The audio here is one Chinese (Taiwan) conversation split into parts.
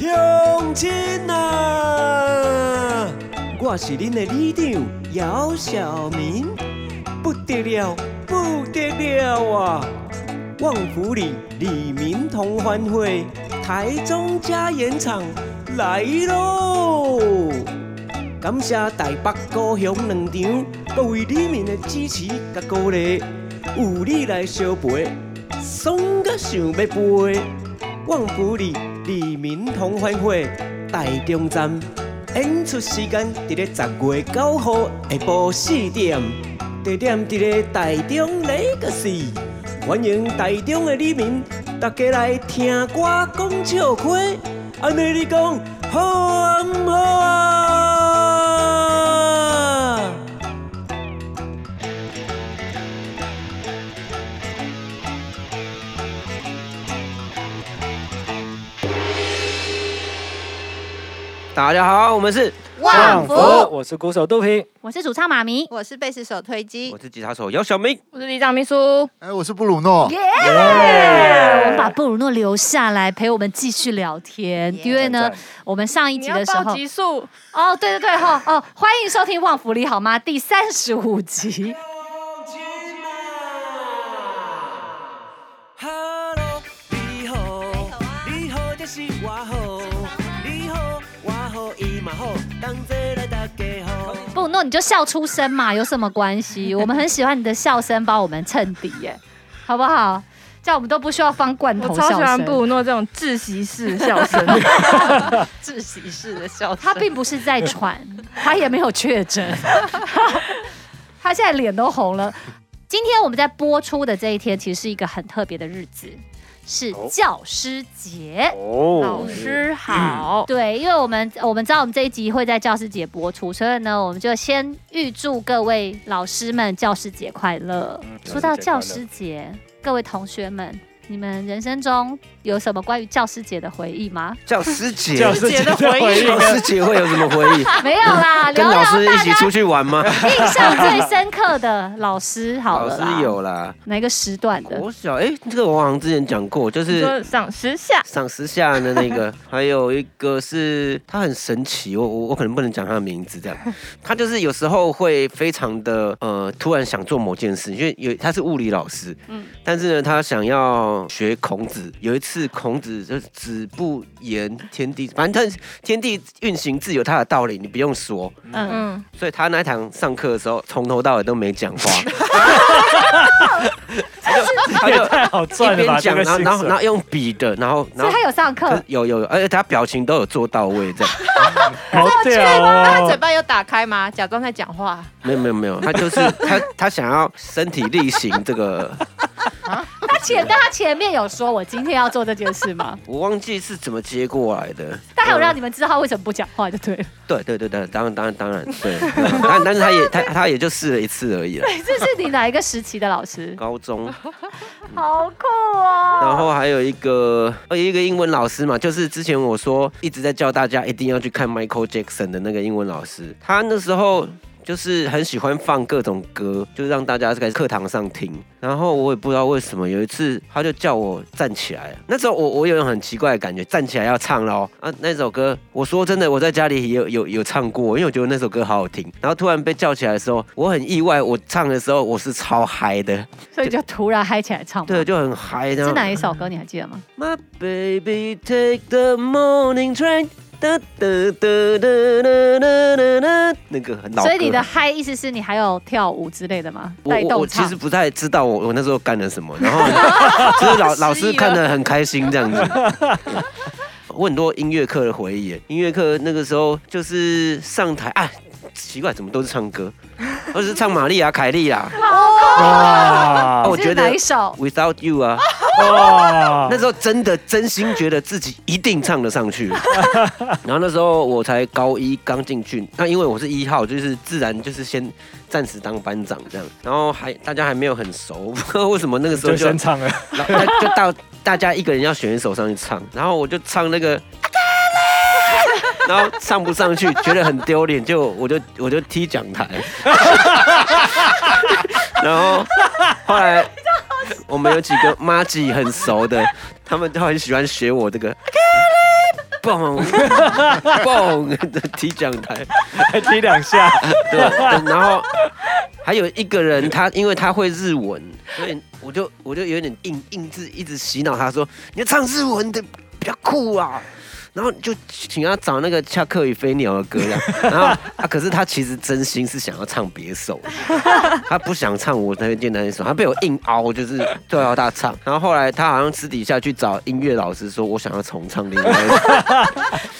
鄉親啊，我是恁的里長姚小民，不得了不得了啊！旺福里里民同歡會，台中加演場來嘍！感謝台北高雄兩場，各位里民的支持甲鼓勵，有你來相陪，爽到想要飛！旺福里。里民同歡會台中場演出時間佇咧十月九號下晡四點，地點佇咧台中 Legacy。歡迎台中的里民，大家來聽歌、講笑話，安尼你講好啊，毋好啊！大家好，我們是旺福，我是鼓手肚皮，我是主唱媽咪，我是貝斯手推機，我是吉他手姚小民，我是里長秘書，哎、欸，我是布魯諾。耶、yeah yeah，我們把布魯諾留下來陪我們繼續聊天，因、yeah、為、yeah、呢，我們上一集的時候，數哦，對對對哦，哦，歡迎收聽《旺福里》好嗎？第三十五集。 你就笑出聲嘛，有什麼關係？我們很喜歡你的笑聲幫我們襯底，耶。好不好？這樣我們都不需要放罐頭笑聲。我超喜歡布魯諾這種窒息式笑聲，窒 息式的笑聲。他並不是在喘，他也沒有確診，他，他現在臉都紅了。 今天我們在播出的這一天，其實是一個很特別的日子。是教師節。哦，老師好。嗯。對，因為我們我們知道我們這一集會在教師節播出，所以呢，我們就先預祝各位老師們教師節快樂。嗯。說到教師節，各位同學們。你們人生中有什麼關於教師節的回憶嗎？教師節， 教師節的回憶， 教師節會有什麼回憶？沒有啦， 跟老師一起出去玩嗎？聊聊印象最深刻的老師好，好 老師有啦，哪一個時段的？國小哎，這個我好像之前講過，就是賞識下，賞識下的那個，還有一個是他很神奇，我我我可能不能講他的名字，這樣， 他就是有時候會非常的呃，突然想做某件事，因為有他是物理老師，嗯，但是呢，他想要。學孔子有一次，孔子就是子不言天地，反正天地運行自有他的道理，你不用說。嗯嗯，所以他那一堂上課的時候，從頭到尾都沒講話， 他就他也太好賺了吧，一邊講，然後然後然後，然後用筆的，然後然後所以他有上課，有有有，而且他表情都有做到位，這樣。 好屌、哦、笑。那他嘴巴有打開嗎？假裝在講話？沒有沒有沒有，他就是他他想要身體力行這個。 前，但他前面有說我今天要做這件事嗎？我忘記是怎麼接過來的。他還有讓你們知道為什麼不講話，就對、呃、對對對當然當然當然對。 但但是他也 他他也就試了一次而已了。這是你哪一個時期的老師？高中， 好酷啊、哦！然後還有一個有一個英文老師嘛，就是之前我說一直在教大家一定要去看 Michael Jackson 的那個英文老師，他那時候。就是很喜歡放各種歌，就讓大家在課堂上聽。然後我也不知道為什麼，有一次他就叫我站起來。那時候我我有種很奇怪的感覺，站起來要唱了，啊，那首歌。我說真的，我在家裡也有有有唱過，因為我覺得那首歌好好聽。然後突然被叫起來的時候，我很意外。我唱的時候我是超嗨的，所以就突然嗨起來唱。 對，就很嗨。是哪一首歌？你還記得嗎？My baby take the morning train。得得得得得得得，那個，所以你的嗨意思是你還有跳舞之類的嗎？我，帶動唱？我，我其實不太知道我我那時候幹了什麼，然後就是 老老師看得很開心這樣子。 我很多音樂課的回憶，音樂課那個時候就是上台啊。奇怪，怎麼都是唱歌？都是唱瑪麗亞、凱莉、亞凱莉亞、哦、啊！哇，我覺得哪一首？Without You 啊！哇、啊啊啊啊啊啊啊啊！那時候真的真心覺得自己一定唱得上去 然後那時候我才高一剛進去，那因為我是一號，就是自然就是先暫時當班長這樣。然後還大家還沒有很熟呵呵，不知道為什麼那個時候就，就先唱了？然後 就到大家一個人要選一首上去唱，然後我就唱那個。然後唱不上去，覺得很丟臉，就我就我就踢講台。 然後後來我們有幾個媽吉很熟的，他們都很喜歡學我這個，蹦蹦的踢講台，還踢兩下，對，然後還有一個人，他因為他會日文，所以我就我就有點硬硬字，一直洗腦他說：“你要唱日文的比較酷啊。”然後就請他找那個《恰克與飛鳥》的歌呀，然後他、啊、可是他其實真心是想要唱別首的，他不想唱我電台的那首，他被我硬凹，就是就要他唱。然後後來他好像私底下去找音樂老師，說我想要重唱另一首。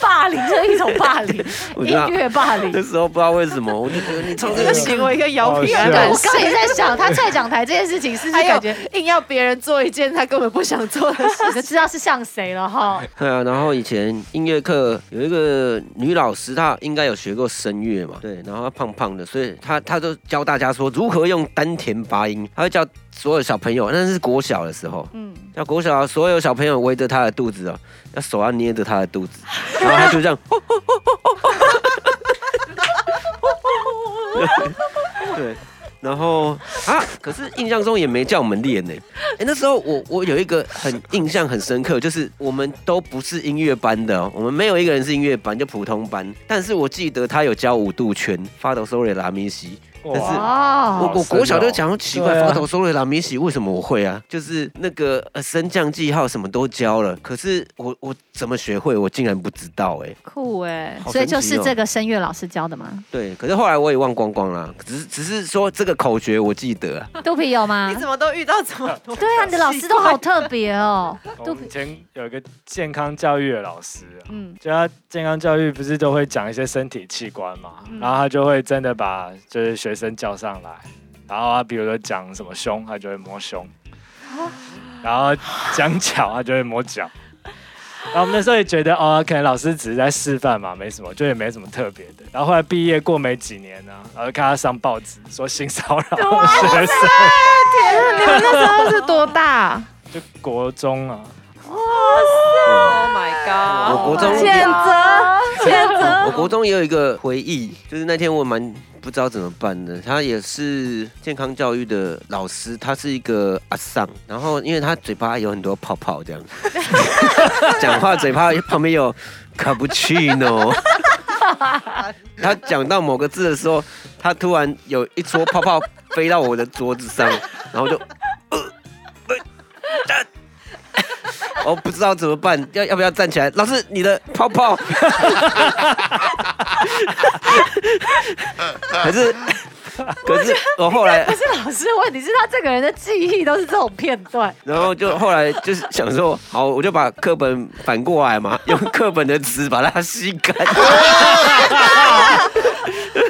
霸凌，這是一種霸凌， 音樂霸凌。那時候不知道為什麼，我就覺得你從這個行為跟姚貝娜，我剛也在想，他踹講台這件事情，是不是感覺硬要別人做一件他根本不想做的事？知道是像誰了哈？對、哦、啊，然後以前。音樂課有一個女老師，她應該有學過聲樂嘛？對，然後她胖胖的，所以她她就教大家說如何用丹田發音，她會叫所有小朋友，那是國小的時候，嗯，叫國小所有小朋友圍着她的肚子哦、啊，那手要捏着她的肚子，然後她就這樣。 對。對然後啊，可是印象中也沒叫我們練呢、欸。哎、欸，那時候我我有一個很印象很深刻，就是我們都不是音樂班的、哦，我們沒有一個人是音樂班，就普通班。但是我記得他有教五度圈，Fa Do Sol Re 但是我，oh, 我、哦、我國小就講奇怪，發抖、哦啊、說的老米喜為什麼我會啊？就是那個呃升降記號什麼都教了，可是我我怎麼學會？我竟然不知道哎、欸，酷哎、欸哦，所以就是這個聲樂老師教的嗎？對，可是後來我也忘光光了，只是只是說這個口訣我記得、啊。肚皮有嗎？ 你怎麼都遇到這麼多？ 對啊，你的老師都好特別哦。 我以前有一個健康教育的老師，嗯，就他健康教育不是都會講一些身體器官嘛、嗯，然後他就會真的把就是學。學生叫上來，然後啊，比如說講什麼胸，他就會摸胸、啊；然後講腳， 他就會摸腳。然後我們那時候也覺得，哦，可能老師只是在示範嘛，沒什麼，就也沒什麼特別的。然後後來畢業過沒幾年呢、啊，然後就看他上報紙說性騷擾學生、啊。 天哪！ 你們那時候是多大、啊？就國中啊。哇、oh, 塞！Oh my god！ 我國中。譴責！譴責！我國中也有一個回憶，就是那天我們。不知道怎麼辦呢？他也是健康教育的老師，他是一個阿桑，然後因為他嘴巴有很多泡泡這樣子， 講話嘴巴旁邊有卡布奇諾。他講到某個字的時候，他突然有一撮泡泡飛到我的桌子上，然後就呃呃、啊，我不知道怎麼辦，要要不要站起來？老師，你的泡泡。 可是，可是我、喔、後來不是老師的問題，是他這個人的記憶都是這種片段。然後就後來就是想說，好，我就把課本反過來嘛， 用課本的紙把它吸乾。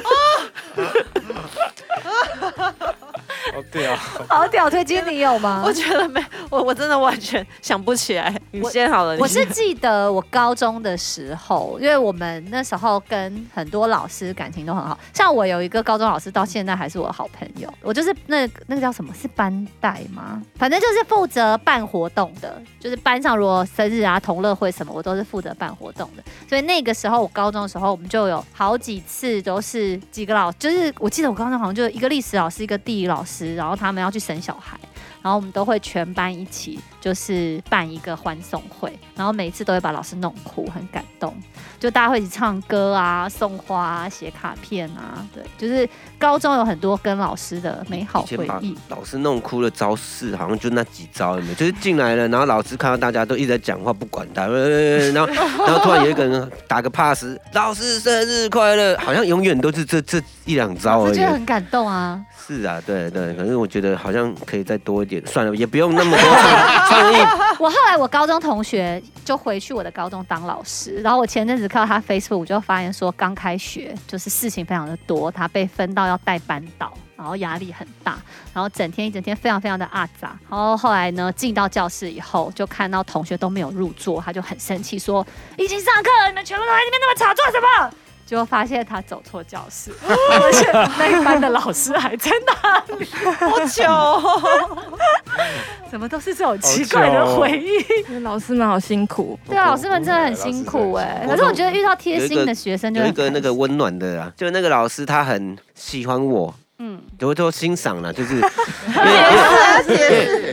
哦、 oh, 啊，對啊，好屌！推薦你有嗎？我，我覺得沒，我我真的完全想不起來。你先好了，你先，我。我是記得我高中的時候，因為我們那時候跟很多老師感情都很好，像我有一個高中老師，到現在還是我的好朋友。我就是那個、那個叫什麼？是班代嗎？反正就是負責辦活動的，就是班上如果生日啊、同樂會什麼，我都是負責辦活動的。所以那個時候我高中的時候，我們就有好幾次都是幾個老，就是我記得我高中好像就一個歷史老師，一個地理老師。然後他們要去生小孩。然後我們都會全班一起，就是辦一個歡送會，然後每次都會把老師弄哭，很感動。就大家會一起唱歌啊，送花啊，寫卡片啊，對，就是高中有很多跟老師的美好回憶。老師弄哭了招式，好像就那幾招，有沒有？就是進來了， 然後老師看到大家都一直在講話，不管他， 然後然後突然有一個人打個 pass， 老師生日快樂，好像永遠都是這這一兩招而已。我覺得很感動啊。是啊，對對，可是我覺得好像可以再多一點。也算了，也不用那麼創 我後來我高中同學就回去我的高中當老師，然後我前陣子看到他 Facebook，我就發現說剛開學就是事情非常的多，他被分到要帶班導，然後壓力很大，然後整天一整天非常非常的阿雜。然後後來呢，進到教室以後就看到同學都沒有入座，他就很生氣說：已經上課了，你們全部都在那邊那麼吵做什麼？就發現他走錯教室， 而且那一班的老師還在那裡， 好久糟、哦、 怎麼都是這種奇怪的回憶。哦、這老師們好辛苦，哦、對啊，老師們真的很辛苦哎。可是我覺得遇到貼心的學生就，就一,一個那個溫暖的，就那個老師他很喜歡我，嗯，多多欣賞了，就是， 為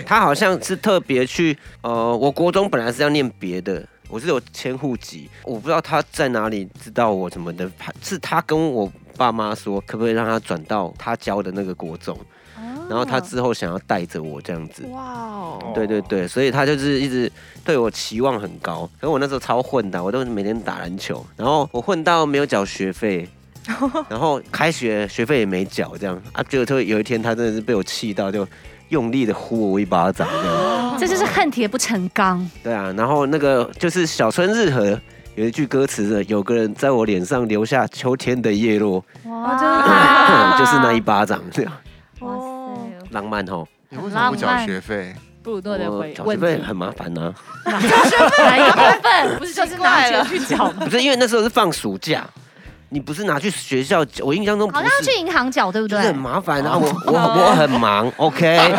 他， 他好像是特別去，呃，我國中本來是要念別的。我是有遷戶籍，我不知道他在哪裡知道我怎麼的，是他跟我爸媽說，可不可以讓他轉到他教的那個國中，oh. 然後他之後想要帶着我這樣子。哇、wow. 對對對，所以他就是一直對我期望很高，可我那時候超混的，我都每天打籃球，然後我混到沒有繳學費，oh. 然後開學學費也沒繳，這樣啊，就後有一天他真的是被我氣到，就用力的呼我一巴掌這樣。Oh. 這就是恨鐵不成鋼。對啊，然後那個就是小春日和有一句歌詞的，有個人在我臉上留下秋天的葉落。哇，就是就是那一巴掌這樣。哇塞，浪漫哦。你為什麼不繳學費？不多的回答，繳學費很麻煩啊。繳學費？繳學費不是就是拿錢去繳嗎？不是，因為那時候是放暑假。你不是拿去學校？我印象中不好像要去銀行繳，就是，對不對？很麻煩啊，我我、oh. 我很忙，OK。真的，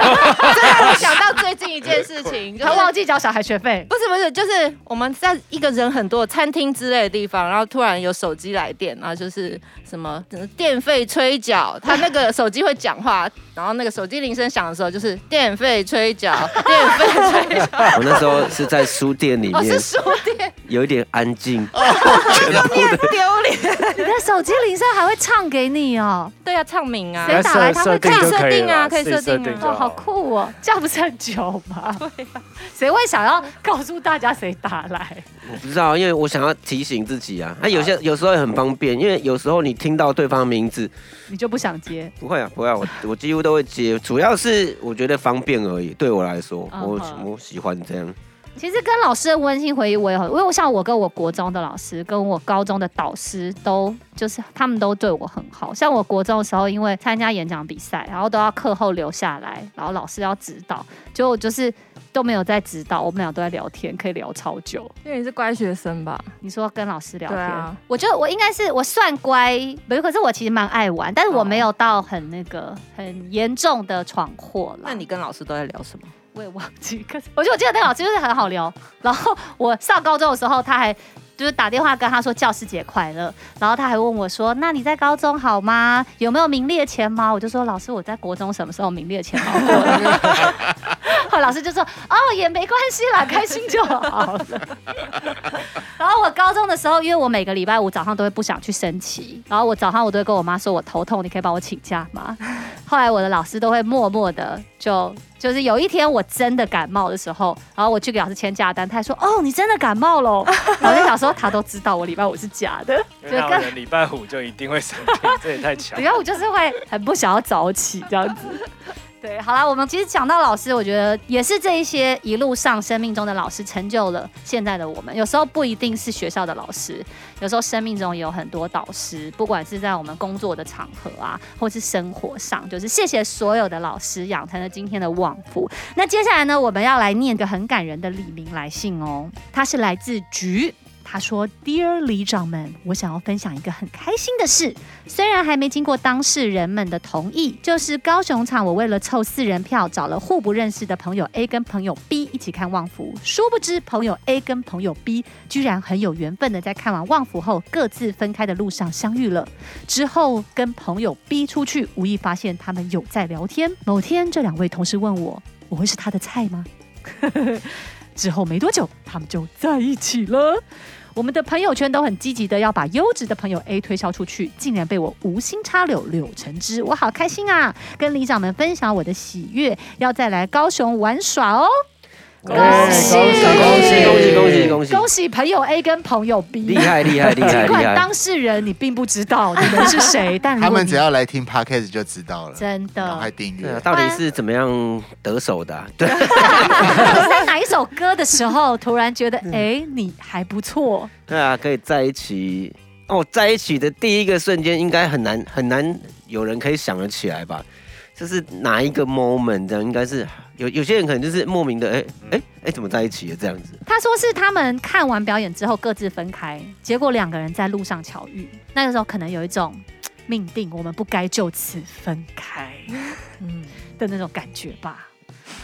我想到最近一件事情， 就忘記繳小孩學費。 不是不是，就是我們在一個人很多的餐廳之類的地方，然後突然有手機來電，然後就是什麼電費催繳，他那個手機會講話，然後那個手機鈴聲響的時候就是電費催繳，電費催繳。 我那時候是在書店裡面，oh, 是書店，有一點安靜，oh. 全部不 丟臉。你的手機鈴聲還會唱給你哦？對啊，唱名啊，誰打來他會可以設定啊。可以設定哦？好酷哦。叫不是很久嗎？對啊，誰會想要告訴大家誰打來？我不知道，因為我想要提醒自己啊，那有些有時候也很方便，因為有時候你聽到對方的名字，你就不想接。不會啊，不會啊，我我幾乎都會接，主要是我覺得方便而已，對我來說，我我喜歡這樣。其實跟老師的溫馨回憶我也很，因為我像我跟我國中的老師，跟我高中的導師都就是他們都對我很好，像我國中的時候，因為參加演講比賽，然後都要課後留下來，然後老師要指導，就就是都沒有在指導，我們倆都在聊天，可以聊超久。因為你是乖學生吧？你說跟老師聊天，對啊，我覺得我應該是我算乖，可是我其實蠻愛玩，但是我沒有到很那個、哦、很嚴重的闖禍了。那你跟老師都在聊什麼？我也忘記，可是我覺得我記得那個老師就是很好聊。然後我上高中的時候，他還就是打電話跟他說教師節快樂。然後他還問我說：“那你在高中好嗎？有沒有名列前茅？”我就說：“老師，我在國中什麼時候名列前茅後來老師就說：“哦，也沒關係啦，開心就好。” 然後我高中的時候，因為我每個禮拜五早上都會不想去升旗，然後我早上我都會跟我媽說我：“我頭痛，你可以幫我請假嗎？”後來我的老師都會默默的就就是有一天我真的感冒的時候，然後我去給老師簽假單，他還說：“哦，你真的感冒了。”老師小時候他都知道我禮拜五是假的，因為我的禮拜五就一定會升旗，這也太強。禮拜，拜五就是會很不想要早起這樣子。對，好啦，我們其實講到老師，我覺得也是這一些一路上生命中的老師成就了現在的我們。有時候不一定是學校的老師，有時候生命中也有很多導師，不管是在我們工作的場合啊，或是生活上，就是謝謝所有的老師，養成了今天的旺福。那接下來呢，我們要來念個很感人的里民來信哦，他是來自菊，他說：“Dear 里長們，我想要分享一個很開心的事，雖然還沒經過當事人們的同意，就是高雄場，我為了湊四人票，找了互不認識的朋友 A 跟朋友 B 一起看《旺福》。殊不知，朋友 A 跟朋友 B 居然很有緣分的，在看完《旺福》後，各自分開的路上相遇了。之後跟朋友 B 出去，無意發現他們有在聊天。某天，這兩位同事問我：我會是他的菜嗎？ 之後沒多久，他們就在一起了。”我們的朋友圈都很積極的要把優質的朋友 A 推銷出去，竟然被我無心插柳柳成枝，我好開心啊！跟里長們分享我的喜悅，要再來高雄玩耍哦。恭喜恭喜恭喜恭喜恭喜恭喜，恭喜朋友 A 跟朋友 B，厲害厲害厲害！儘管當事人你並不知道你們是誰， 但他們只要來聽 Podcast 就知道了。真的，腦、啊、到底是怎麼樣得手的、啊嗯？對， 在哪一首歌的時候，突然覺得哎、 欸，你還不錯。對啊，可以在一起哦，在一起的第一個瞬間，應該很難很難，很難有人可以想得起來吧？就是哪一個 moment，這樣應該是有有些人可能就是莫名的，哎哎哎，怎麼在一起了、啊、這樣子？他說是他們看完表演之後各自分開，結果兩個人在路上巧遇，那個時候可能有一種命定，我們不該就此分開， 嗯的那種感覺吧。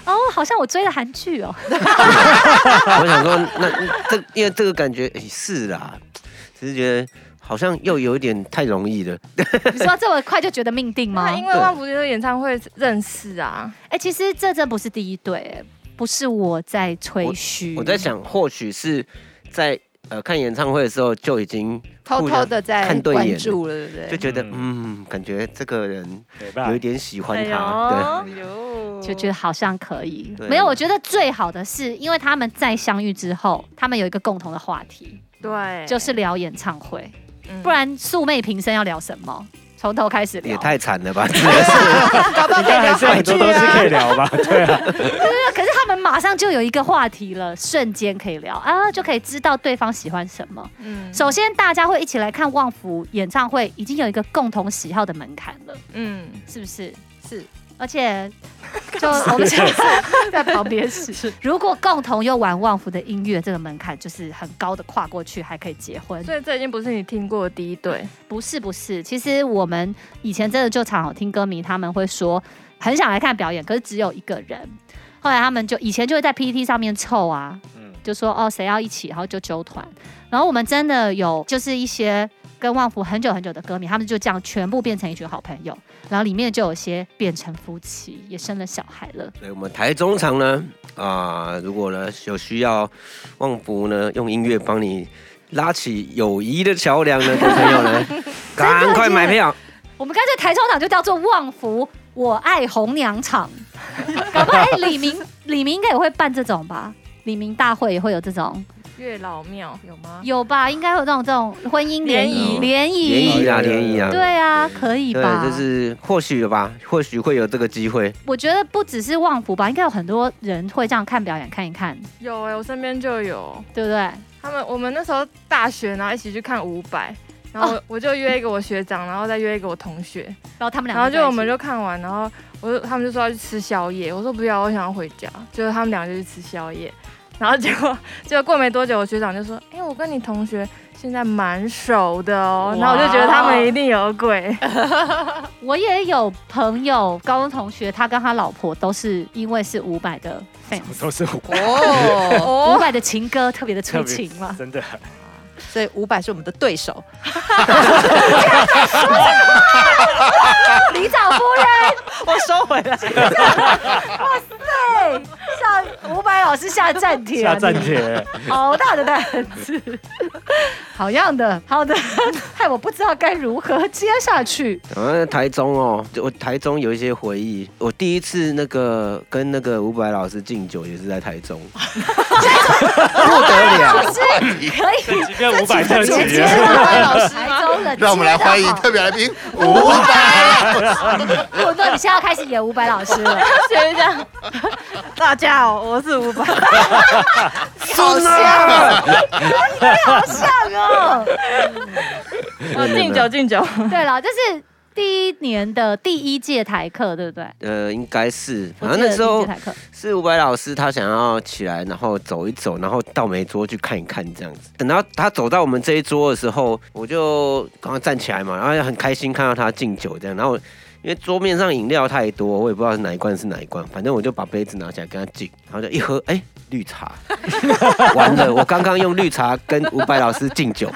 哦，好像我追了韓劇哦。 我想說，那這因為這個感覺，哎、欸，是啦，只是覺得。好像又有一點太容易了。你說這麼快就覺得命定嗎？ 他因為旺福的演唱會認識啊。哎、欸，其實這真不是第一對，不是我在吹噓。我在想或許在，或許是，在呃看演唱會的時候就已經偷偷的在關注了，就覺得嗯，嗯，感覺這個人有一點喜歡他，對、哎，對就覺得好像可以。沒有，我覺得最好的是因為他們在相遇之後，他們有一個共同的話題，對，就是聊演唱會。嗯、不然素昧平生要聊什麼？從頭開始聊也太慘了吧！找 不到、啊、可以聊的東西啊，對啊 是是。可是他們馬上就有一個話題了，瞬間可以聊啊，就可以知道對方喜歡什麼。嗯，首先大家會一起來看旺福演唱會，已經有一個共同喜好的門檻了。嗯，是不是？是。而且，就我們現在在旁邊是。如果共同又玩旺福的音樂，這個門檻就是很高的，跨過去還可以結婚。所以這已經不是你聽過的第一對、嗯。不是不是，其實我們以前真的就常好聽歌迷他們會說很想來看表演，可是只有一個人。後來他們就以前就會在 PPT 上面湊啊。就說哦，誰要一起，然後就揪團。然後我們真的有，就是一些跟旺福很久很久的歌迷，他們就這樣全部變成一群好朋友。然後裡面就有些變成夫妻，也生了小孩了。所以，我們台中場呢，啊、呃，如果呢有需要，旺福呢用音樂幫你拉起友誼的橋樑呢，的朋友呢，趕 快買票。我們剛才在台中場就叫做旺福我愛紅娘場。 搞不好、哎、李明，李明應該也會辦這種吧。黎明大會也會有這種月老廟有嗎？有吧，應該會有這種這種婚姻聯誼聯誼。聯誼啊聯誼啊，對啊，對可以吧？就是或許有吧，或許會有這個機會。我覺得不只是旺福吧，應該有很多人會這樣看表演看一看。有哎、欸，我身邊就有，對不對？他們我們那時候大學，然後一起去看伍佰，然後我就約一個我學長、哦，然後再約一個我同學，然後他們兩個，然後就我們就看完，然後。我說他們就說要去吃宵夜，我說不要，我想要回家。就是他們倆就去吃宵夜，然後結果結果過沒多久，我學長就說：“哎，我跟你同學現在蠻熟的哦。”然後我就覺得他們一定有鬼。 我也有朋友高中同學，他跟他老婆都是因為是伍佰的 fans，都是伍佰，oh, 的情歌特別的催情嘛，真的。對，五百是我們的對手。李長夫人，我收回來。哇塞，下五百老師下暫帖、啊，下暫好大的膽子，好的，好樣的，好的，害我不知道該如何接下去。啊，台中哦，就我台中有一些回憶，我第一次那個跟那個五百老師敬酒也是在台中。 不得了、啊！可以，讓、啊啊嗯啊、讓我們來歡迎特別來賓伍佰！我說，你現在要開始演伍佰老師了。大家好，我是伍佰。像，真的好像哦。我敬酒敬酒。對了，就是。第一年的第一屆台客，對不對？呃，應該是，反正那時候是伍佰老師他想要起來，然後走一走，然後到每桌去看一看這樣子。等到他走到我們這一桌的時候，我就剛剛站起來嘛，然後就很開心看到他敬酒這樣。然後因為桌面上飲料太多，我也不知道是哪一罐是哪一罐，反正我就把杯子拿起來跟他敬，然後就一喝，哎、欸，綠茶， 完了， 我剛剛用綠茶跟伍佰老師敬酒。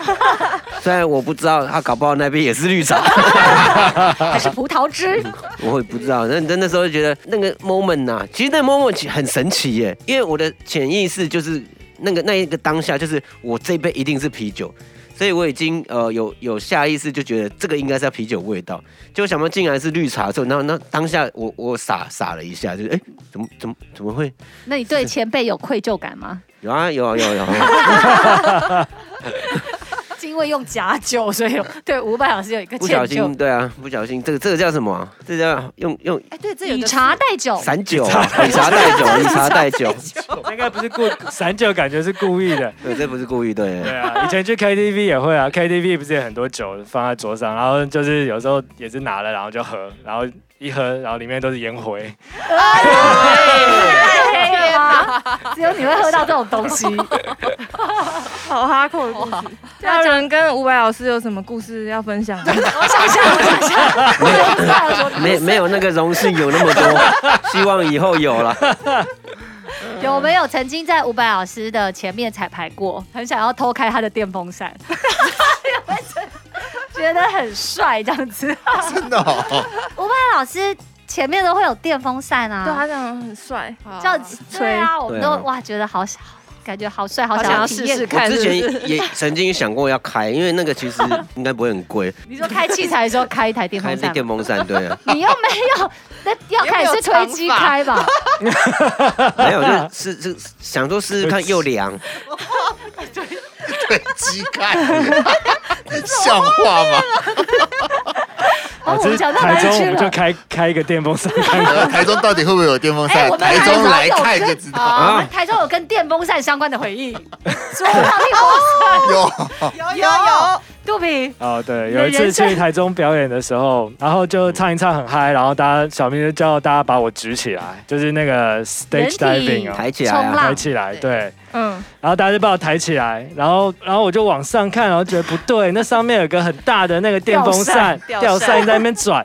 雖然我不知道，他搞不好那邊也是綠茶， 還是葡萄汁 我也不知道，但那時候就覺得那個 moment 呢、啊，其實那個 moment 很神奇耶，因為我的潛意識就是那個那一個當下，就是我這一杯一定是啤酒，所以我已經呃有有下意識就覺得這個應該是要啤酒味道，結果想不到竟然是綠茶的時候，那那當下我我傻傻了一下，就是哎、欸、怎麼怎麼怎麼會？那你對前輩有愧疚感嗎？ 有啊有啊有啊有、啊。有啊 會用假酒，所以對五百老師有一個不小心，對啊，不小心，這個這個叫什麼、啊？這個、叫用用，哎、欸、對，這有以、就是、茶代酒，散酒，以茶代酒，以茶代酒，應、那、該、個、不是故 散酒，感覺是故意的，對，這不是故意，對、啊，對啊，以前去 KTV 也會啊 ，KTV 不是有很多酒放在桌上，然後就是有時候也是拿了，然後就喝，然後一喝，然後裡面都是煙灰。哎 天啊！只有你會喝到這種東西， 好哈扣的東西，那家人跟伍佰老師有什麼故事要分享？我想想我想想下，沒 有，沒有那個榮幸有那麼多， 希望以後有了。有沒有曾經在伍佰老師的前面彩排過，很想要偷開他的電風扇？ 真的覺得很帥這樣子， 真的、哦。伍佰老師。前面都會有電風扇啊，對，他這樣很帥，這樣吹，對啊，我們都、啊、哇覺得好小，感覺好帥，好想要試試看。之前也曾經想過要開，因為那個其實應該不會很貴。 你說開器材的時候開一台電風扇，開電風扇，對啊。你又沒有，那要開是推機開吧？ 沒有，就是是，是，是想說試試看又涼。對，對，推機開。 像話嗎？我直接台中，我們就開開一個電風扇看看。 台中到底會不會有電風扇？欸、台中來看就知道、啊。我們台中有跟電風扇相關的回憶，什麼電風扇？有有有。有有有哦，對，有一次去台中表演的時候，然後就唱一唱很嗨，然後大家小民就叫大家把我舉起來，就是那個 stage diving，哦，抬起來啊，抬起來，對，嗯，然後大家就把我抬起來，然後，然後我就往上看，然後覺得不對，那上面有個很大的那個電風扇，吊扇在那邊轉。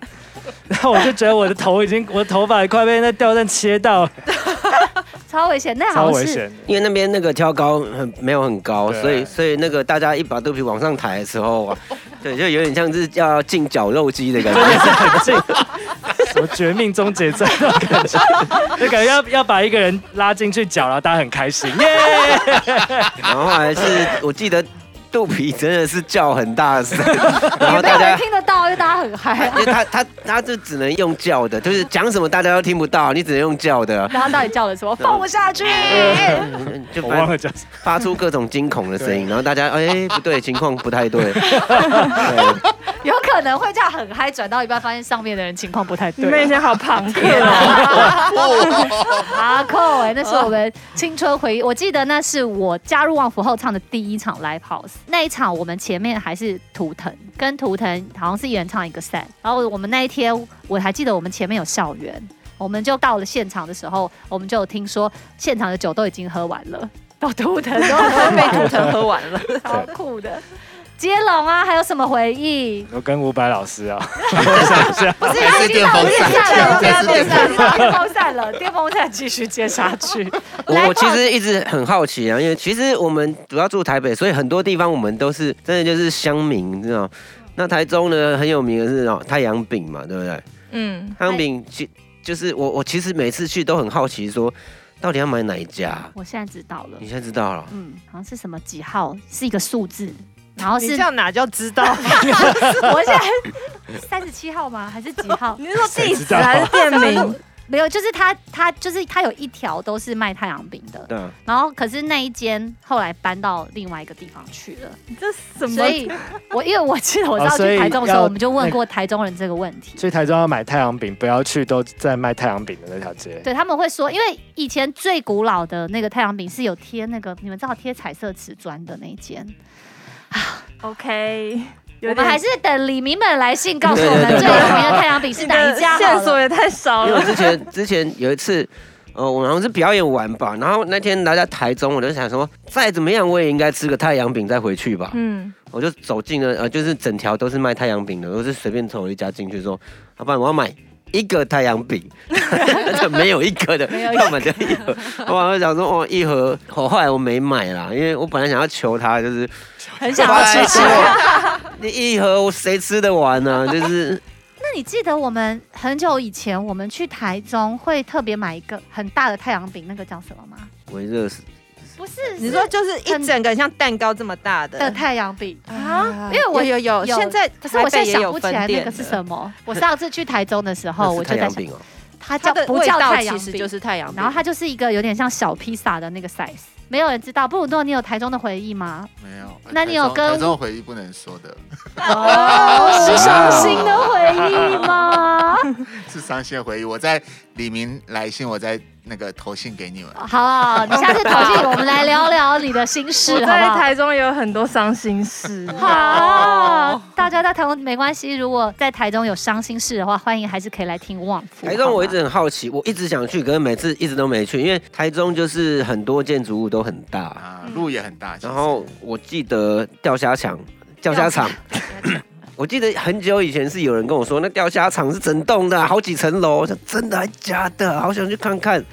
然 後我就覺得我的頭已經，我的頭髮快被那吊扇切到了， 超危險，那好危險，因為那邊那個挑高很沒有很高，啊、所以所以那個大家一把肚皮往上抬的時候，對，就有點像是要進絞肉機的感覺， 什麼絕命終結站的感覺，就感覺要要把一個人拉進去絞，然後大家很開心，耶、yeah! 然後還是我記得.。 肚皮真的是叫很大聲，然後大家也沒有人聽得到，因為大家很嗨、啊。他他他就只能用叫的，就是講什麼大家都聽不到，你只能用叫的。然後到底叫了什麼？放不下去，嗯嗯、就發，發出各種驚恐的聲音。然後大家哎不對，情況不太對， 對，有可能會這樣很嗨，轉到一半發現上面的人情況不太對那、啊 啊欸。那天好朋克啊，阿扣哎，那是我們青春回憶。我記得那是我加入旺福後唱的第一場 live house。那一場我們前面還是圖騰，跟圖騰好像是一人唱一個 set。然後我們那一天我還記得我們前面有校園，我們就到了現場的時候，我們就有聽說現場的酒都已經喝完了，到圖騰都喝被圖騰喝完了，好 酷的。 接龍啊，還有什麼回憶？我跟伍佰老師啊。 不是，已經電風扇了，電風扇了，電風扇再繼續接下去。 我其實一直很好奇啊，因為其實我們主要住台北，所以很多地方我們都是真的就是鄉民，你知道嗎？嗯？那台中呢很有名的是哦太陽餅嘛，對不對？嗯，太陽餅其就是我我其實每次去都很好奇說，說到底要買哪一家？我現在知道了，你現在知道了，嗯，好像是什麼幾號，是一個數字。然後是，這樣哪叫知道？ 我現在三十七號嗎？還是幾號？你是說地址還是店名？ 沒有，就是他，他就是他有一條都是賣太陽餅的。對、嗯。然後可是那一間後來搬到另外一個地方去了。你這什麼？所以我，我因為我記得我知道、哦、去台中的時候，我們就問過台中人這個問題。所以、那個、台中要買太陽餅，不要去都在賣太陽餅的那條街。對，他們會說，因為以前最古老的那個太陽餅是有貼那個你們知道貼彩色瓷磚的那一間。O.K. 我們還是等里民們來信告訴我們最有名的太陽餅是哪一家。 你的線索也太少了。之前之前有一次，呃，我好像是表演完吧，然後那天來到台中，我就想說，再怎麼樣我也應該吃個太陽餅再回去吧。嗯，我就走進了，呃，就是整條都是賣太陽餅的，都是我是隨便走了一家進去，說，老板，我要買一個太陽餅。 沒有一個的，根本就一盒。 我還會想說，哦，一盒。好壞我沒買啦，因為我本來想要求他，就是很想吃吃。 對 你一盒我誰吃得完呢、啊？就是。那你記得我們很久以前，我們去台中會特別買一個很大的太陽餅，那個叫什麼嗎？微熱式。不是,是，你說就是一整個像蛋糕這麼大的太陽餅啊,啊？因為我有有,有現在，可是也有我現在想不起來那個是什麼。我上次去台中的時候， 我就在想。太陽餅喔它叫不叫太陽餅？其實就是太陽餅，然後它就是一個有點像小披薩的那個 size。沒有人知道布魯諾，你有台中的回憶嗎？沒有。呃、那你有跟？台中的回憶不能說的。 哦，是傷心的回憶嗎？ 是傷心的回憶。我在里民來信，我在那個投信給你們。好，你下次投信，嗯嗯，我們來聊聊你的心事。 好好，在台中也有很多傷心事。好，大家在台中沒關係，如果在台中有傷心事的話，歡迎還是可以來聽旺福。台中我一直很好奇，我一直想去，可是每次一直都沒去，因為台中就是很多建築物，都很大，啊，路也很大。然後我記得釣蝦場，釣蝦場， 我記得很久以前是有人跟我說，那釣蝦場是整棟的好幾層樓。真的還假的？好想去看看。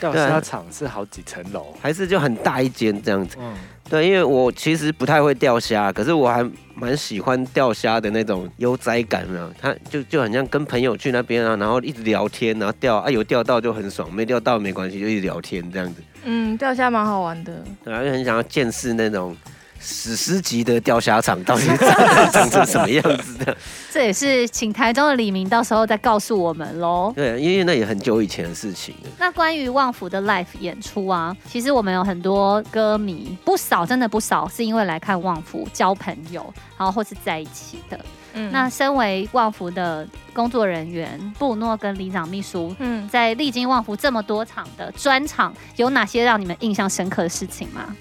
釣蝦場是好幾層樓，還是就很大一間這樣子，嗯？對，因為我其實不太會釣蝦，可是我還蠻喜歡釣蝦的那種悠哉感啊。他就就很像跟朋友去那邊啊，然後一直聊天，然後釣啊，有釣到就很爽，沒釣到沒關係，就一直聊天這樣子。嗯，釣蝦蠻好玩的，本來就很想要見識那種史詩級的釣蝦場到底長， 長成什麼樣子的。 這也是請台中的里民到時候再告訴我們嘍。對啊，因為那也很久以前的事情。Okay. 那關於旺福的 live 演出啊，其實我們有很多歌迷，不少真的不少，是因為來看旺福交朋友，然後或是在一起的。嗯、那身為旺福的工作人員，布魯諾跟里長秘書，嗯，在歷經旺福這麼多場的專場，有哪些讓你們印象深刻的事情嗎？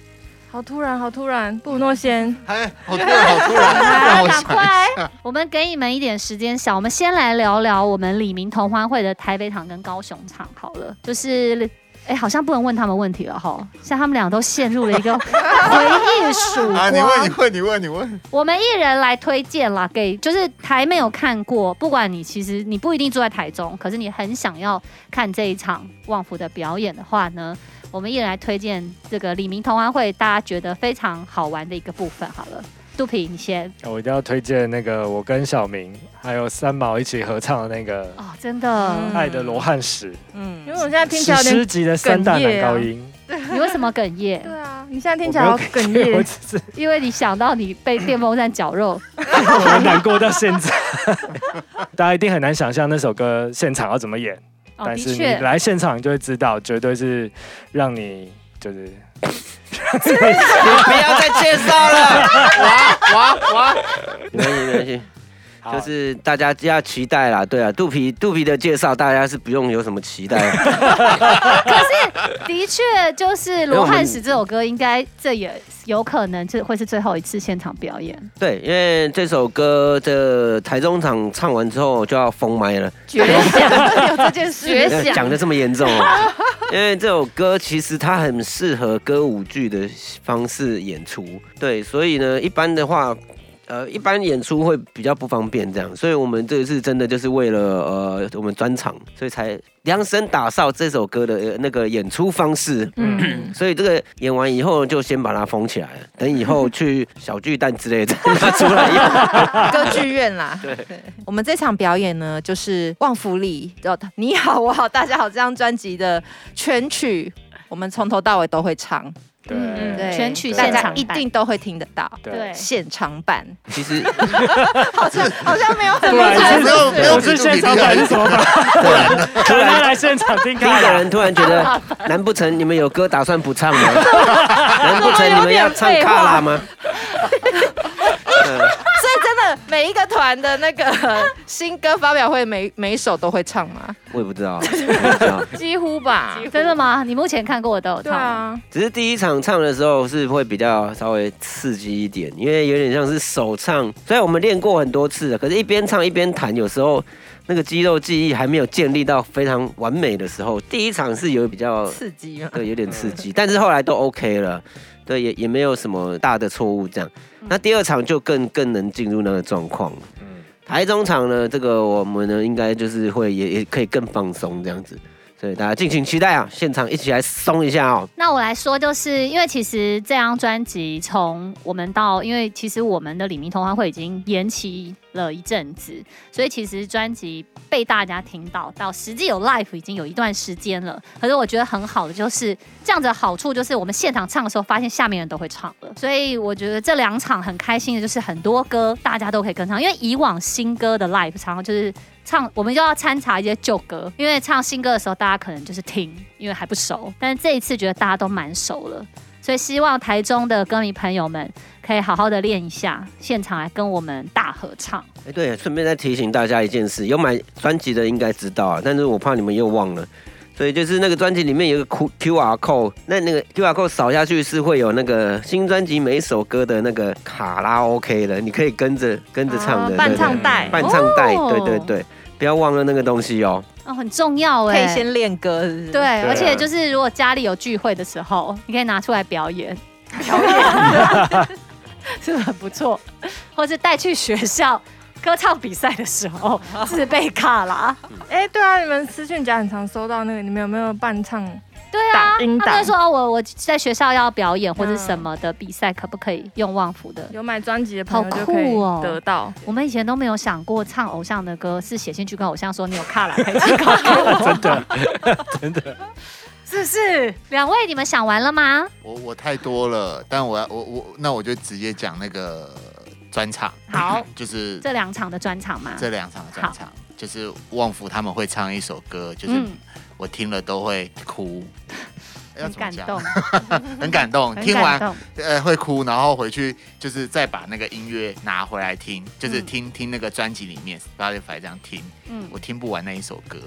好突然，好突然，布魯諾先。哎，好突然，好突然，打 快我，我們給你們一點時間，想我們先來聊聊我們里民同歡會的台北場跟高雄場好了，就是。哎，好像不能問他們問題了哈，像他們倆都陷入了一個回憶蜀 啊，你問，你問，你問，你問。我們一人來推薦啦，給就是還沒有看過，不管你其實你不一定住在台中，可是你很想要看這一場旺福的表演的話呢，我們一人來推薦這個里民同歡會，大家覺得非常好玩的一個部分好了。肚皮，你先。我一定要推薦那個我跟小民還有三毛一起合唱的那個哦，真的，嗯《愛的羅漢石》。嗯，因為我現在聽起來有點哽咽，啊哽咽啊。你為什麼哽咽？ 對啊，你現在聽起來要哽咽。我，我只是因為你想到你被電風扇絞肉， 我很難過到現在。 大家一定很難想象那首歌現場要怎麼演，哦、但是你來現場你就會知道，絕對是讓你就是。你、啊、 不要再介紹了，哇哇哇，沒關係， 沒關係。就是大家要期待啦，對啊，肚皮肚皮的介紹，大家是不用有什麼期待的。 可是，的確就是《羅漢史》這首歌，應該這也有可能這會是最後一次現場表演。對，因為這首歌的、這個、台中場唱完之後就要封麥了。絕響 有這件事？絕響講得這麼嚴重啊， 因為這首歌其實它很適合歌舞劇的方式演出。對，所以呢，一般的話。呃，一般演出會比較不方便這樣，所以我們這次真的就是為了呃我們專場，所以才量身打造這首歌的、呃、那個演出方式。嗯，所以這個演完以後就先把它封起來，等以後去小巨蛋之類的、嗯、拿出來用。歌劇院啦對，對，我們這場表演呢就是《旺福裡》，叫《你好我好大家好》這張專輯的全曲，我們從頭到尾都會唱。嗯嗯，對，全曲現場一定都會聽得到。對，對現場版，其實 好像 好像沒有很多，沒有是現場版是什麼？對，突然對來現場聽、啊，聽的人突然覺得，難不成你們有歌打算不唱嗎？ 難不成你們要唱卡拉嗎？ 嗯每一個團的那個新歌發表會每，每每首都會唱嗎？我也不知道，知道 幾乎吧，幾乎。真的嗎？你目前看過我都有唱啊。只是第一場唱的時候是會比較稍微刺激一點，因為有點像是首唱，所以我們練過很多次了。可是，一邊唱一邊彈，有時候那個肌肉記憶還沒有建立到非常完美的時候，第一場是有比較刺激，對，有點刺激，嗯。但是後來都 OK 了，對，也也沒有什麼大的錯誤這樣。那第二場就更更能進入那個狀況了。嗯，台中場呢，這個我們呢應該就是會也也可以更放鬆這樣子。對，大家敬請期待啊！現場一起來鬆一下哦。那我來說，就是因為其實這張專輯從我們到，因為其實我們的《里民同歡會》已經延期了一陣子，所以其實專輯被大家聽到到實際有 live 已經有一段時間了。可是我覺得很好的就是這樣子的好處，就是我們現場唱的時候，發現下面人都會唱了。所以我覺得這兩場很開心的就是很多歌大家都可以跟唱，因為以往新歌的 live 常常就是。唱，我們就要穿插一些舊歌，因為唱新歌的時候，大家可能就是聽，因為還不熟。但是這一次覺得大家都蠻熟了，所以希望台中的歌迷朋友們可以好好的練一下，現場來跟我們大合唱。哎、欸，對，順便再提醒大家一件事，有買專輯的應該知道啊，但是我怕你們又忘了。所以就是那個專輯裡面有一個 Q Q R code，那那個 Q R code 掃下去是會有那個新專輯每一首歌的那個卡拉 OK 的，你可以跟着跟着唱的伴唱帶，伴唱帶、嗯哦，對對對，不要忘了那個東西哦，哦很重要哎，可以先練歌是不是，對，對、啊，而且就是如果家裡有聚會的時候，你可以拿出來表演，表演的， 是不是很不錯？或者帶去學校？歌唱比賽的時候自備卡啦。哎、嗯欸，對啊，你們私訊夾很常收到那個，你們有沒有伴唱？對啊，他們說、哦、我我在學校要表演或者什麼的比賽、嗯，可不可以用旺福的？有買專輯的朋友就可以得到。酷、哦、得到。我們以前都沒有想過唱偶像的歌，是寫信去跟偶像說你有卡拉，可以去卡拉。 真的，真的，是不是？兩位，你們想完了嗎？我我太多了，但我我我，我那我就直接講那個。專場好呵呵，就是這兩場的專場嘛？這兩場的專場，就是旺福他們會唱一首歌，就是我聽了都會哭。嗯很感動， 很感動。聽完，呃，會哭，然後回去就是再把那個音樂拿回來聽，就是聽、嗯、聽那個專輯裡面《s t 就反正這樣聽。嗯，我聽不完那一首歌，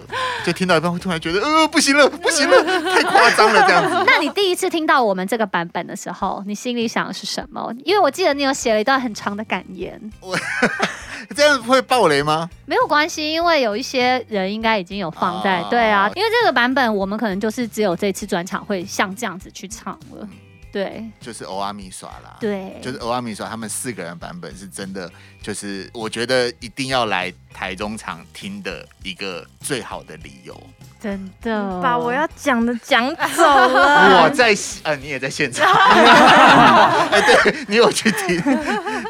就聽到一半會突然覺得， 呃，不行了，不行了， 太誇張了這樣子。 那你第一次聽到我們這個版本的時候，你心裡想的是什麼？因為我記得你有寫了一段很長的感言。 這樣會爆雷嗎？沒有關係，因為有一些人應該已經有放在。對啊，因為這個版本我們可能就是只有這次專場會像這樣子去唱了，對，就是歐阿米耍啦，對，就是歐阿米耍，他們四個人版本是真的，就是我覺得一定要來台中場聽的一個最好的理由。真的、哦，把我要講的講走了，啊。我在呃、啊，你也在現場。 哎、 啊，對，你有去聽？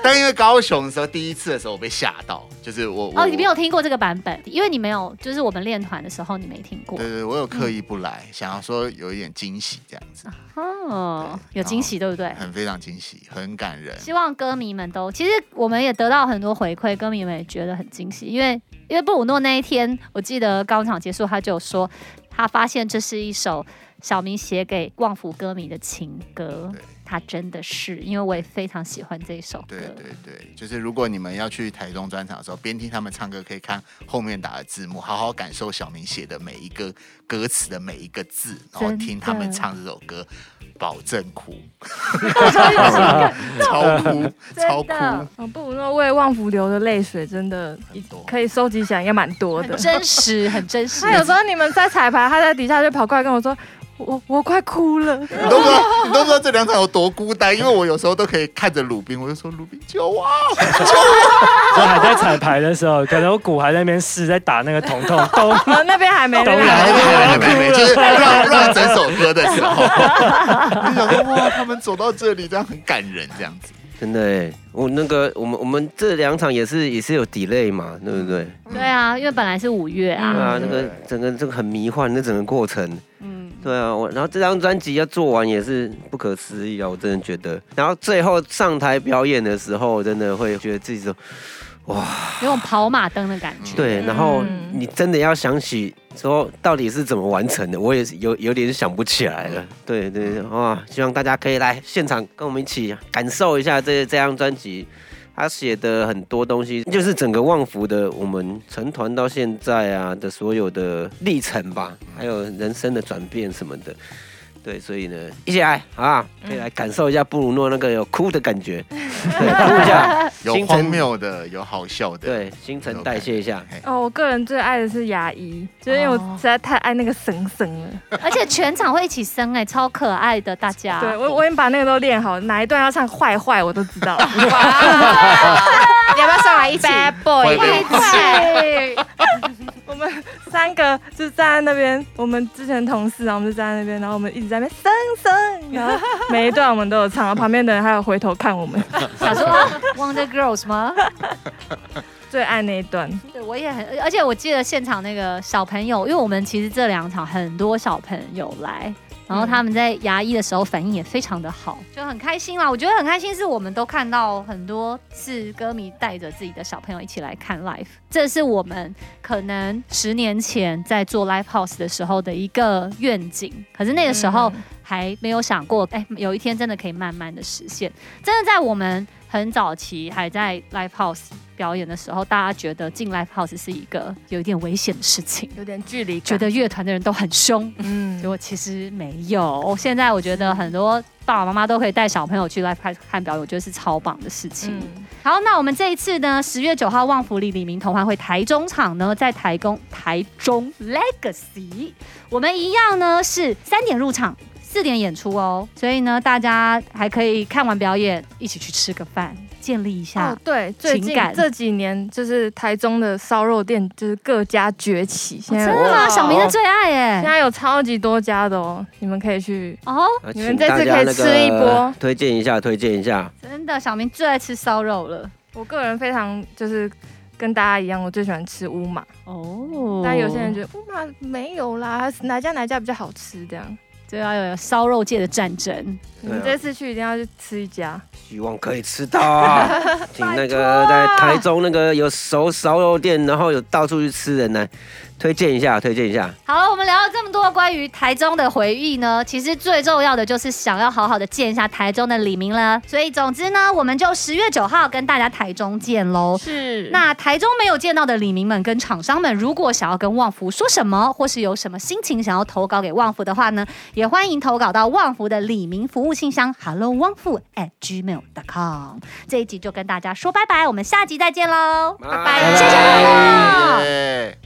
但因為高雄的時候，第一次的時候，我被嚇到，就是我，我哦，你沒有聽過這個版本，因為你沒有，就是我們練團的時候，你沒聽過。對，對對，我有刻意不來，嗯、想要說有一點驚喜這樣子。哦，有驚喜，對不對？很非常驚喜，很感人。希望歌迷們都，其實我們也得到很多回饋，歌迷們也覺得很驚喜，因為因為布魯諾那一天，我記得剛場結束，他就說他發現這是一首小民寫給旺福歌迷的情歌。他真的是，因為我也非常喜歡這一首歌。對對對，就是如果你們要去台中專場的時候，邊聽他們唱歌，可以看後面打的字幕，好好感受小民寫的每一個歌詞的每一個字，然後聽他們唱這首歌，保證哭。 超哭，真的。不如說為《旺福》流的淚水，真的，哦、的真的可以收集起來，也蠻多的，真實，很真實。他有時候你們在彩排，他在底下就跑過來跟我說。我我快哭了，你都不知道，你都說這兩場有多孤單，因為我有時候都可以看着魯冰，我就說魯冰，救我、啊，就、啊、 還在彩排的時候，可能我鼓還在那邊試，在打那個咚咚。都， 哦、那邊還，還沒，來。還沒，還沒，還，沒還沒，就是讓整首歌的時候， 你想說哇，他們走到這裡這樣很感人，這樣子，真的、欸、我那個我們我們這兩場也是也是有 delay 嘛，對不對？嗯、對啊，因為本來是五月啊，對啊，那個整個這個很迷幻，那整個過程。嗯對啊，我然後這張專輯要做完也是不可思議啊！我真的覺得，然後最後上台表演的時候，我真的會覺得自己說，哇，有種跑馬燈的感覺。對、嗯，然後你真的要想起說到底是怎麼完成的，我也有有點想不起來了。對對哇，希望大家可以來現場跟我們一起感受一下這這張專輯。他寫的很多東西，就是整個旺福的我們成團到現在啊的所有的歷程吧，還有人生的轉變什麼的。對，所以呢，一起來啊、嗯，可以來感受一下布魯諾那個有哭的感覺，哭一下，有荒謬的，有好笑的，對，新陳代謝一下。哦、okay, okay.，oh, 我個人最愛的是牙醫，因為我實在太愛那個酸酸了，oh. 而且全場會一起酸哎，超可愛的大家。 對我我已經把那個都練好，哪一段要唱壞壞我都知道。 哇， 你要不要上來一起 Bad boy 一起。Bye, 壞壞 我們三個就站在那邊，我們之前同事然後我們就站在那邊，然後我們一直在。在那邊生生，每一段我們都有唱，啊，旁邊的人還有回頭看我們， 想說，啊《Wonder Girls》嗎？ 最愛那一段，對我也很，而且我記得現場那個小朋友，因為我們其實這兩場很多小朋友來。然後他們在牙醫的時候反應也非常的好，就很開心啦。我覺得很開心是，我們都看到很多次歌迷帶着自己的小朋友一起來看 Live，這是我們可能十年前在做 Live House 的時候的一個願景。可是那個時候還沒有想過，哎，有一天真的可以慢慢的實現。真的在我們很早期還在 Live House。表演的時候，大家覺得進 Live House 是一個有一點危險的事情，有點距離感，覺得樂團的人都很凶，嗯，結果其實沒有。現在我覺得很多爸爸媽媽都可以帶小朋友去 Live House 看表演，我覺得是超棒的事情。嗯、好，那我們這一次呢，十月九號旺福里里民同歡會台中場呢，在台工台中 Legacy，我們一樣呢是三點入場。四點演出哦，所以呢，大家還可以看完表演，一起去吃個飯，建立一下哦。對，最近這幾年就是台中的燒肉店就是各家崛起，現在、哦、真的嗎？哦、小民的最愛耶，現在有超級多家的哦，你們可以去哦，你們這次可以吃一波、哦那個，推薦一下，推薦一下。真的，小民最愛吃燒肉了。我個人非常就是跟大家一樣，我最喜歡吃烏馬哦。那有些人覺得烏馬沒有啦，哪家哪家比較好吃這樣。對啊，有燒肉界的戰爭，你們這次去一定要去吃一家，哦、希望可以吃到、啊。 請那個在台中那個有熟燒肉店，然後有到處去吃的人呢。推薦一下，推薦一下。好，我們聊了這麼多關於台中的回憶呢，其實最重要的就是想要好好的見一下台中的里民了。所以總之呢，我們就十月九號跟大家台中見嘍。是。那台中沒有見到的里民們跟廠商們，如果想要跟旺福說什麼，或是有什麼心情想要投稿給旺福的話呢，也歡迎投稿到旺福的里民服務信箱，hellowonfu at gmail dot com。這一集就跟大家說拜拜，我們下集再見嘍。Bye. 拜拜，Bye. 謝謝